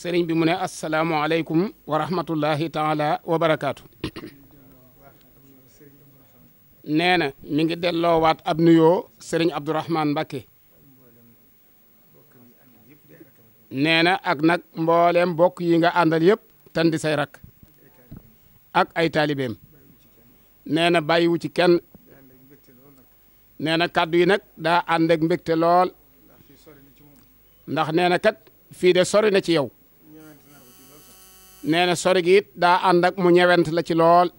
sëriñ bi mu ne asalaamualeykum wa rahmatullahi taala wa barakaatu. nee na mi ngi delloowaat ab nuyoo sëriñ Abdourahmane Mbacké nee na ak nag mboolem mbokk yi nga àndal yëpp tan di say rak ak ay taalibeem nee na bàyyiwu ci kenn nee na kàddu yi nag daa ànd ak mbégte lool ndax nee na kat fii de sori na ci yow nee na sori gi daa ànd ak mu ñewent la ci lool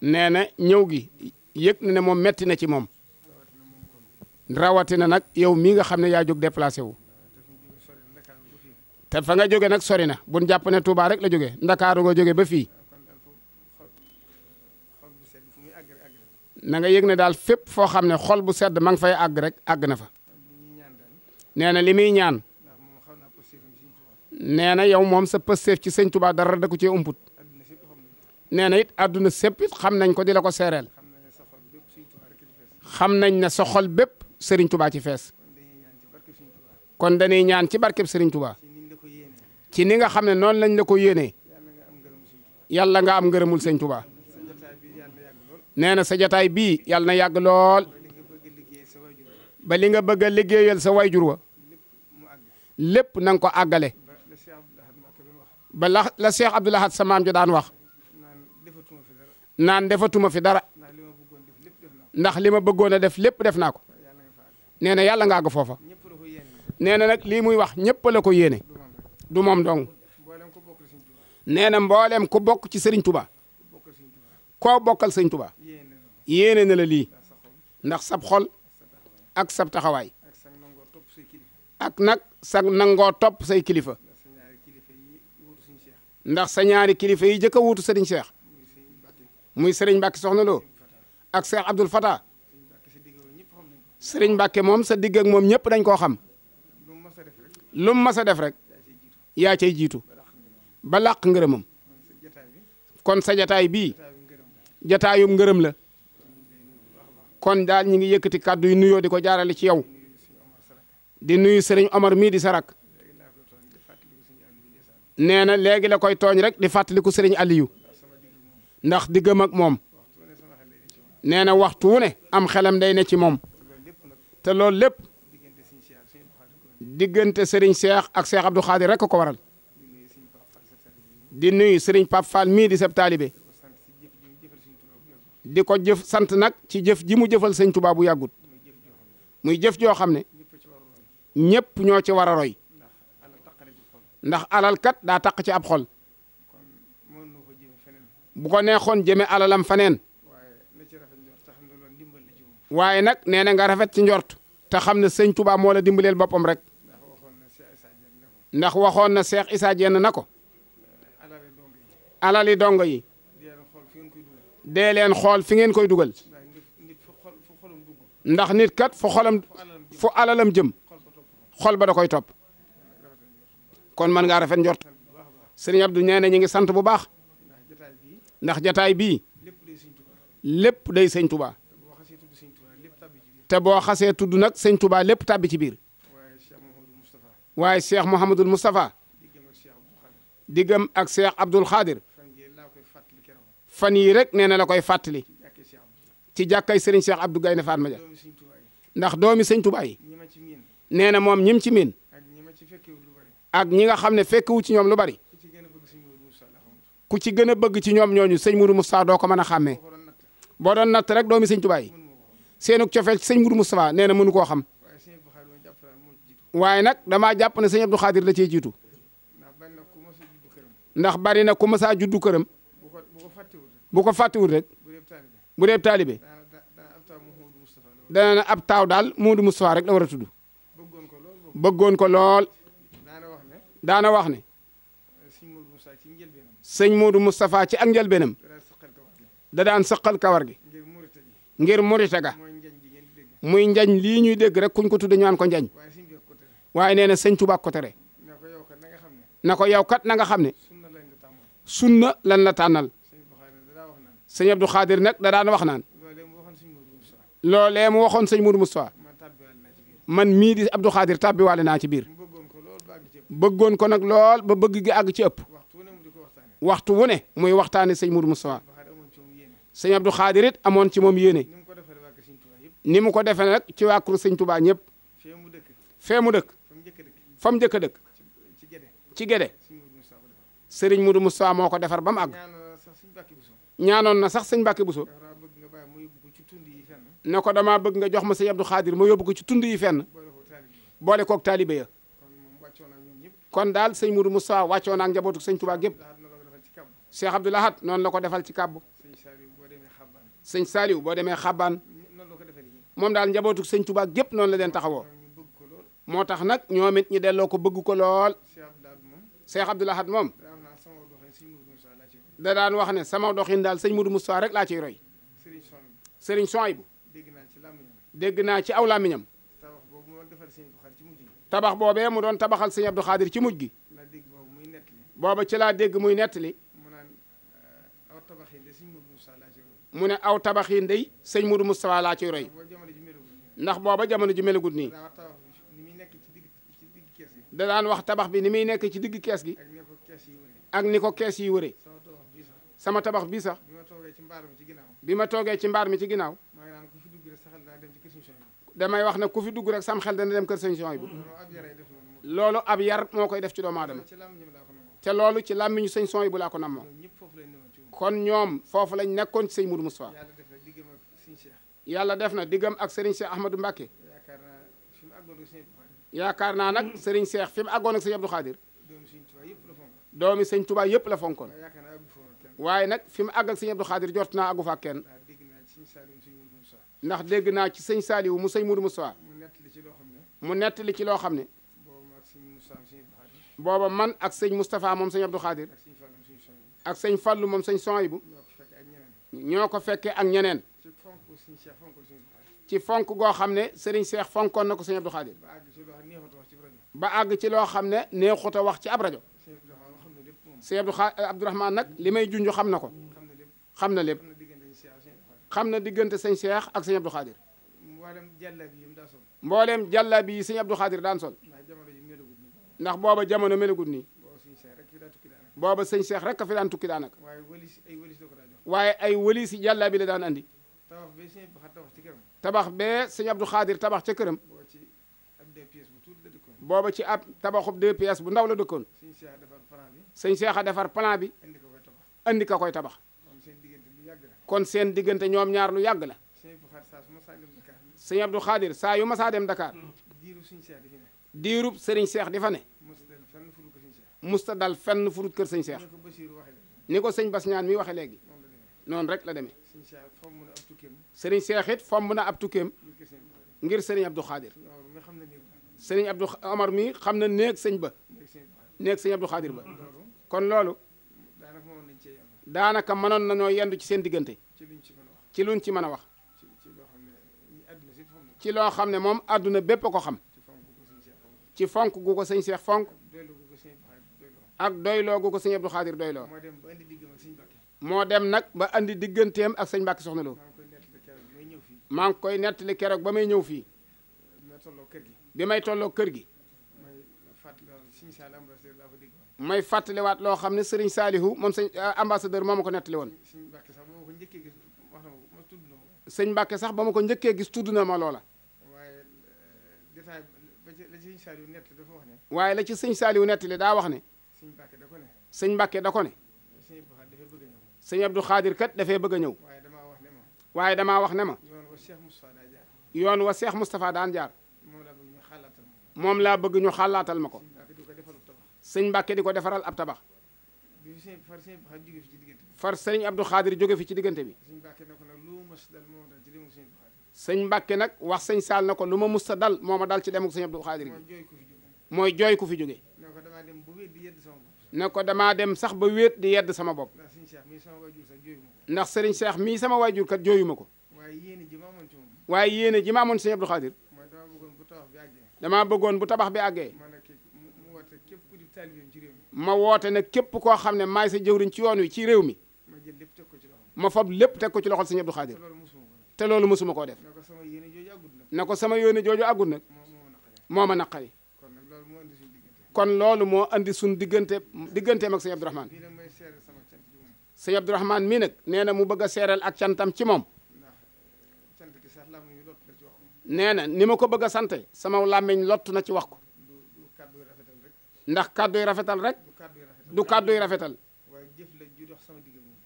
nee na ñëw gi yëg na ne moom metti na ci moom rawatina nag yow mii nga xam ne yaa jóg déplacé wu te fa nga jóge nag sori na buñ jàpp ne Touba rek la jóge ndakaaru nga jóge ba fii na nga yëg ne daal fépp foo xam ne xol bu sedd ma nga fay àgg rek àgg na fa nee na li muy ñaan nee na yow moom sa pësteef ci sëñ tubaa dara da ko cee umput nee na it àdduna sépp xam nañ ko di la ko seereel xam nañ ne sa xol bépp sëriñ tubaa ci fees kon dañuy ñaan ci barkeb sëriñ Tuubaa ci ni nga xam ne noonu lañ la ko yéenee yàlla nga am ngërëmul sëñ Tuubaa nee na sa jataay bii yàlla na yàgg lool ba li nga bëgg a liggéeyal sa wayjur wa lépp na nga ko àggale ba la la Cheikh Abdoul sa maam ji daan wax naan defatuma fi dara ndax li ma bëggoon a def lépp def naa ko nee na yàlla ngaa ko foofa nee na nag lii muy wax ñëpp la ko yéene du moom dong nee na mboolem ku bokk ci Serigne Touba koo bokkal Serigne Touba yéene na la lii ndax sab xol ak sab taxawaay ak nag sag nangoo topp say kilifa. ndax sa ñaari kilifa yi jëkk a wuutu sëriñ Cheikh muy sëriñ Mbacke soxna Lo ak Cheikh Abdoul Fatah sëriñ mbakke moom sa digg ak moom ñëpp dañ koo xam lu mu mas a def rek yaa cay jiitu ba làq ngërëmam kon sa jataay bii jataayum ngërëm la kon daal ñi ngi yëkkati kàddu yu nuyoo di ko jaarale ci yow di nuyu sëriñ Omar mii di sarak neena legui la koy togn rek di fàttaliku serigne Aliou ndax digam ak mom neena waxtu ne am xelam day ne ci mom te lol lépp digeunte serigne Cheikh ak Cheikh Abdou Khadir rek ko waral di nuy serigne pap Fall mi di sep talibé diko jëf sant nak ci jëf ji mu jëfal serigne touba bu yagout muy jëf jo xamne ñëpp ñoo ci wara roy ndax alal kat daa taq ci ab xol bu ko neexoon jëme alalam faneen waaye nag nee na nga rafet ci njort te xam ne sëñ Tuubaa moo la dimbaleel boppam rek ndax waxoon na Seex Isaa Jeen na alali dongo yi dee leen xool fi ngeen koy dugal ndax nit kat fu xolam fu alalam jëm xol ba da koy topp kon man nga rafet njort serigne Abdou nee ñi ngi sante bu baax ndax jotaay bi lépp day serigne Touba te bo xasse tuddu nak serigne Touba lépp tàbbi ci bir waye Cheikh mohammed mustafa digam ak Cheikh Abdoul Khadir fani rek neena la koy fatali ci jàkkay serigne Cheikh Abdou Gaynde Fatma ja ndax doomi serigne Touba yi neena mom ñim ci miin. ak ñi nga xam ne fekkewu ci ñoom lu bari ku ci gën a bëgg ci ñoom ñooñu sëñ Mourou Moustapha doo ko mën a xàmmee boo doon natt rek doomi sëñ Tuubaa yi seenug cofeel ci sëñ mu Moustapha nee na mënu koo xam waaye nag damaa jàpp ne sëñ Abdou Khadir la cee jiitu ndax bari na ku mësaa juddu këram bu ko fàttiwul rek bu dee taalibe dana na ab taaw daal Mourou Moustapha rek la war a tudd bëggoon ko lool دانا وحني سين مود مصطفى تي انجل بنم دا دان سقال كوارغي غير موريتاغا موي نجان لي ني ديغ رك كون تود نيان كو نجان واي نينا سين توبا كوتري نكو ياو كات نغا خامني سنة لن لا تانال سين عبد القادر نك دا دان وخنان لولي مو وخون مود مصطفى من ميدي عبد القادر تابي والنا بير bëggoon ko nag lool ba bëgg gi àgg ci ëpp waxtu wu ne muy waxtaane sëñ Mourou Moustapha sëñ Abdou Khadir it amoon ci moom yéene ni mu ko defee nag ci waa kër sëñ Touba ñëpp fee mu dëkk fa mu njëkk a dëkk ci Gede sëriñ du mu Moustapha moo ko defar ba mu àgg ñaanoon na sax sëñ Mbacke Bousso ne ko damaa bëgg nga jox ma sëñ Abdou Khadir ma yóbbu ko ci tund yi fenn boole koog taalibe ya kon daal sëñ Mourou Moustapha wàccoo na ak njabootu sëñ Touba gépp Cheikh Abdoul Ahad noon la ko defal ci kàbb sëñ Saliou boo demee Xabaan moom daal njabootu sëñ Touba gépp noonu la leen taxawoo moo tax nag ñoom it ñu delloo ko bëgg ko lool Cheikh Abdoul Ahad moom da daan wax ne sama doxin daal sëñ Mourou Moustapha rek laa ci roy sëriñ Souhaïbou dégg naa ci aw làmmiñam tabax boobee mu doon tabaxal sëñ Abdou Khadir ci mujj gi. booba ci laa dégg muy nettali. mu ne aw tabax yi ndey sëñ Moudou Moustapha laa ciy roy. ndax booba jamono ji melagut nii. da daan wax tabax bi ni muy nekk ci digg kees gi. ak ni ko kees yi wëree. sama tabax bi sax. bi ma toogee ci mbaar mi ci ginnaaw. damay wax na ku fi dugg rek sam xel dana dem keur seigne jean Souhaïbou lolu ab yar mokoy def ci do madama te lolu ci lamiñu làmmiñu sëñ Souhaïbou la ko namo kon ñom fofu lañ nekkon ci seigne Mourou moussa yàlla def na digam ak seigne Cheikh Ahmadou mbake yaakaar naa nak seigne Cheikh fim agon ak seigne Abdou Khadir domi seigne Touba yep la fonkon waye nak fim mu àgg ak sëñ Abdou Khadir jot naa àggu fa kenn ndax dégg naa ci sëñ Saliou mu sëñ Mourou Moussa. mu nettali ci loo xam ne. mu nettali ci loo xam ne. booba man ak sëñ Moustapha moom sëñ Abdou Khadir. ak sëñ Fallou moom sëñ Sohaybou. ñoo ko fekkee ak ñeneen. ci fonk goo xam ne Serigne Cheikh fonkoon na ko sëñ Abdou Khadir. ba àgg ci loo xam ne neexut wax ci ab rajo. sëñ Abdou Khadir nag li may junj xam na ko. xam na lépp. xam na diggante sëñ Cheikh ak sëñ Abdou Khadir. mboolem jàllabi yi mu daan sol. mboolem jàllabi yi sëñ Abdou Khadir daan sol. ndax booba jamono melagut nii. booba sëñ Cheikh rek a fi daan tukki daanaka. waaye wëlis ay wëlis la ko daan jox. waaye ay wëlis yi jàllabi la daan andi. tabax bee sëñ Abdou Khadir tabax ca këram. tabax bee sëñ Abdou Khadir tabax ca këram. booba ci ab tabaxub deux pièces bu ndaw la dëkkoon. sëñ Cheikh a defar plan bi. sëñ Cheikh a defar plan bi. andi ka koy tabax. kon seen diggante ñoom ñaar lu yàgg la. sëñ Abdou Khadir saa yu masaa dem Dakar. Mm. diirub sëñ Seex di fa ne. diirub sëriñ Seex di fa ne. musta dal fenn furut kër sëñ Seex. ni ko ba Bas ñaan mi waxe léegi. noonu rek la demee. sëriñ Seex it fomb na ab tukkeem. ngir sëriñ Abdou Khadir. sëriñ Abdou Omar mi xam na néeg sëñ ba. néeg sëñ Abdou Khadir ba kon loolu. daanaka mënoon nañoo yendu ci seen diggante ci luñ ci mën a wax ci loo xam ne moom àdduna bépp a ko xam ci fonk gu ko sëñ Seex fonk ak doyloo gu ko sëñ Abdou Xaadir doyloo moo dem nag ba andi digganteem ak sëñ Mbàkke Soxna Lo maa ngi koy nettali keroog ba may ñëw fii bi may tolloo kër gi may waat loo xam ne Serigne Salihu moom sëñ euh, ambassadeur moo ma ko nettali woon. sëñ Mbàkke sax ba ma ko njëkkee gis tudd na ma loola. waaye euh, la ci sëñ Salihu nettali daa wax ne. sëñ Mbàkke da ko ne. sëñ Abdou Khadir kat dafay bëgg ñëw. waaye damaa wax ne ma. yoon wa Cheikh Moustapha daan jaar. moom laa bëgg ñu xalaatal ma ko. sëñ Mbàkke di ko defaral ab tabax far sëñ Abdou Xaadir jóge fi ci diggante bi sëñ Mbàkke nag wax sëñ Saal na ko lu ma musta dal moo ma dal ci demuk sëñ Abdou Xaadir gi mooy jooy ku fi jóge ne ko damaa dem sax ba wéet di yedd sama bopp ndax sëriñ Cheikh mii sama waajur kat jooyu ma ko waaye yéene ji ma amoon sëñ Abdou Xaadir dama bëggoon bu tabax bi àggee ma woote nag képp koo xam ne maay sa jëwriñ ci yoon wi ci réew mi ma fab lépp te ko ci loxol sëñ Abdou Khadir te loolu mosuma koo def na ko sama yoon jooju àggut nag moo ma naqari kon loolu moo andi suñ diggante sa ak sëñ Abdourahmane sëñ Abdourahmane mii nag nee na mu bëgg a seeral ak cantam ci eh, moom nee na ni ma ko bëgg a sante sama làmmiñ lott na ci wax ko ndax kàddu yi rafetal rek du kàddu yi rafetal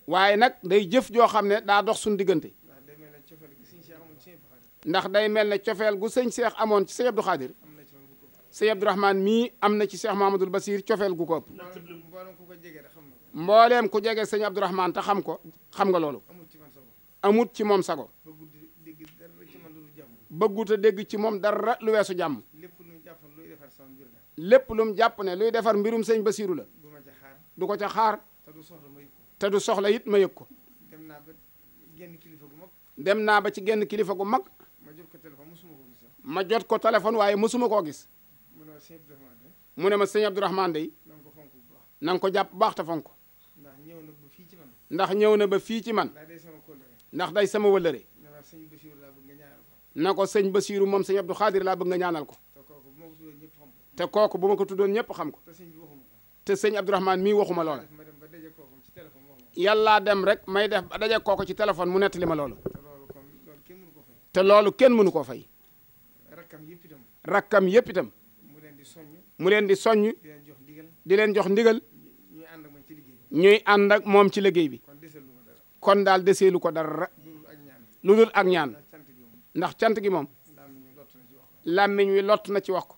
waaye nag day jëf joo xam ne daa dox suñ diggante ndax day mel ne cofeel gu sëñ cheikh amoon ci sëñ Abdou Khadir sëñ Abdou Rahman mii am na ci cheikh Mahamadul Basir cofeel gu ko ëpp mbooleem ku jege sëñ Abdou Rahman te xam ko xam nga loolu amut ci moom sago bëggut a dégg ci moom dara lu weesu jàmm lépp lu mu jàpp ne luy defar mbirum sëñ Basiiru la du ko ca xaar te du soxla it ma yëg ko dem naa ba genn kilifa gu mag dem naa ba ci genn kilifa gu mag ma jot ko téléphone mosuma koo gis ma jot ko téléphone waaye mosuma koo gis mu ne ma sëñ Abdourahmane de mu ne ma sëñ Abdourahmane de na nga ko fonk bu baax ko jàpp baax te fonk ndax ñëw na ba fii ci man ndax ñëw na ba fii ci man day sama kóllëre ndax day sama wëllëre na ko sëñ Basiiru moom sëñ Abdou Xaadir laa bëgg nga ñaanal ko te kooku bu ma ko tuddoon ñëpp xam ko te sëñ Abdourahmane mii waxuma loola yàllaa dem rek may def ba daje kooku ci téléphone mu nettali ma loolu te loolu kenn mënu koo fay rakkam yëpp itam rakkam yëpp itam mu leen di soññ mu leen di soññ di leen jox ndigal ñuy ànd ak moom ci liggéey bi kon daal deseelu ko dara lu dul ak ñaan ndax cant gi moom làmmiñ wi lott na ci wax ko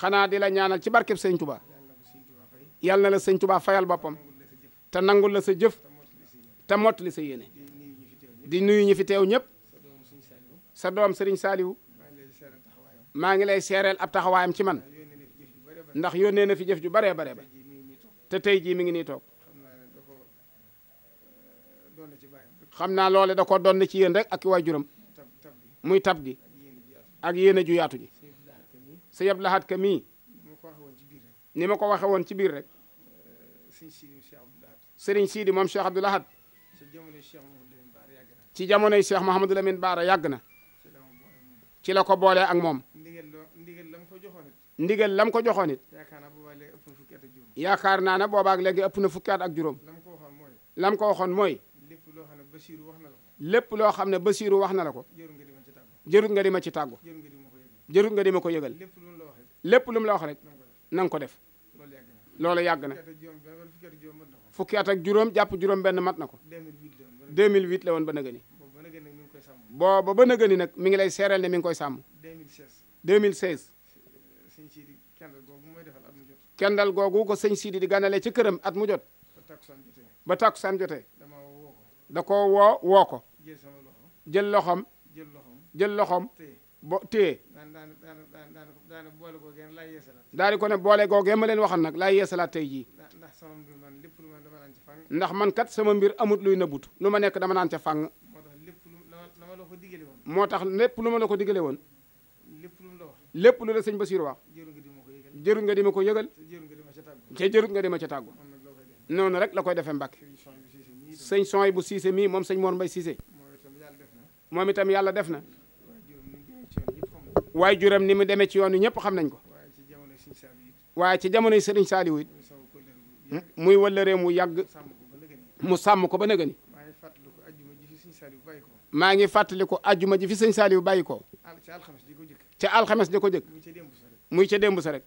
xana di la ñaanal ci barkeb sëñ Tuba yàlla na la sëñ Tuba fayal bopam te nangul la sa jëf te mottali sa yene di nuyu ñi fi tew ñep sa doom sëriñ saliw ma ngi lay seereel ab taxawayam ci man ndax yone na fi jëf ju bare bare ba te tay ji mi ngi ni tok xamna naa loole da ko don ci yéen rek ak wajuram muy tab gi ak yene ju yaatu ji sa yab laxaat ka mii ni ma ko waxe woon ci biir rek sëriñ Sidi moom Cheikh Abdoul Ahad ci jamonoy Cheikh Mouhamadou Lamine Baara yàgg na ci la ko boolee ak moom ndigal lam ko joxoon it yaakaar naa ne boobaag léegi ëpp na fukki at ak juróom lam ko waxoon mooy lépp loo xam ne Basiiru wax na la ko jërut nga di ma ci tàggu jërul nga di ko yëgal lépp lu mu la wax rek na nga ko def loolu yàgg na fukki at ak juróom jàpp juróom benn mat na ko 2008 la woon ba nëgëni booba ba nëgëni nag mi ngi lay seeral ne mi ngi koy sàmm 2016 kendal googu ko sëñ Sidi di ganale ci këram at mu jot ba takkusaan jotee da ko woo woo ko jël loxom jël loxom bo téye. daanaka boole googu yéen laay yeesalaat. daal di ko ne boole googu ma leen waxan nag laay yeesalaat tey jii. ndax man lépp lu ma dama naan man kat sama mbir amut luy nëbbutu lu ma nekk dama naan ca fang. moo tax lépp lu ma la ko digale woon. moo tax lépp lu ma la ko digale woon. lépp lu la wax. lépp lu la sëñ Basiir wax. jërul nga di ma ko yëgal. jërul nga di ko yëgal. jërul nga di ma ca nga di ma ca tàggu. noonu rek la koy defee Mbàkke. sëñ Sooy bu Siise mii moom sëñ Mor Mbay Siise moom itam yàlla def na waaye juram ni mu demee ci yoon wi ñëpp xam nañ ko waaye ci jamonoy Serigne Saliou it muy hmm? wëllëree mu yàgg mu sàmm ko ba nëgëni maa ngi fàttaliku ajjuma ji sëñ Serigne Saliou bàyyi ko ca alxames di ko jëkk muy ca demb sa rek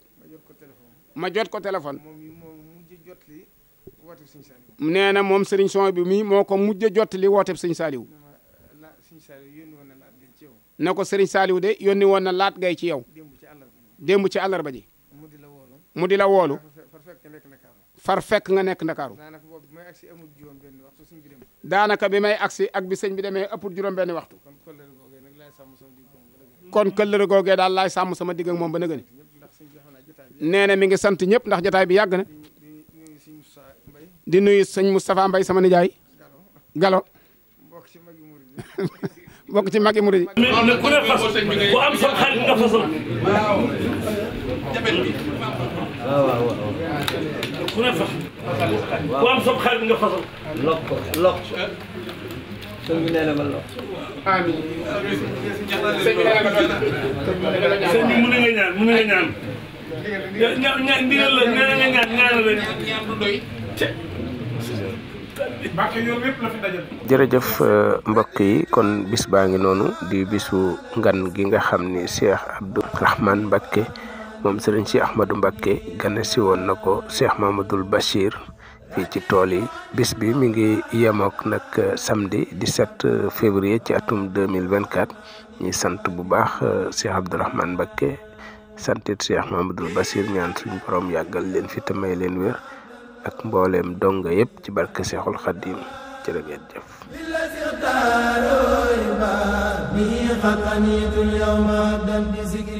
ma jot ko téléphone nee na moom Serigne son bi mii moo ko mujj jot li wooteeb Serigne Saliou ne ko sëriñ Saaliw de yónni woon na laat gay ci yow démb ci àllarba ji mu di la woolu far fekk nga nekk ndakaaru daanaka bi may agsi ak bi sëñ bi demee ëppul juróom-benn waxtu kon këllëre googee daal laay sàmm sama digg ak moom ba na gëni nee na mi ngi sant ñëpp ndax jotaay bi yàgg na di nuyu sëñ Moustapha mbay sama nijaay galo bokk ci magi murid bokk ci mag yi ku ne fas ku am sa xarit nga fasal. ku ne fas ku mu ne nga ñaan mu ne nga ñaan. la nee na ñaan ñaanal jërëjëf euh, mbokk yi kon bis baa ngi di bisu ngan gi nga xam ni Cheikh Abdou Rahman Mbacké moom sëriñ si Ahmadou Mbacké gane si woon na ko Cheikh Mahamadoul Bachir fii ci tool yi bis bi mi ngi yemook nag euh, samedi 17 euh, février ci atum 2024 ñuy sant bu baax Cheikh Abdou Rahman Mbacké santit Cheikh Mahamadoul Bachir ñaan suñu borom yàggal leen fi te may leen wér ak mbooleem donga yépp ci barke Seexul Xaddiim jërë ngeen jëf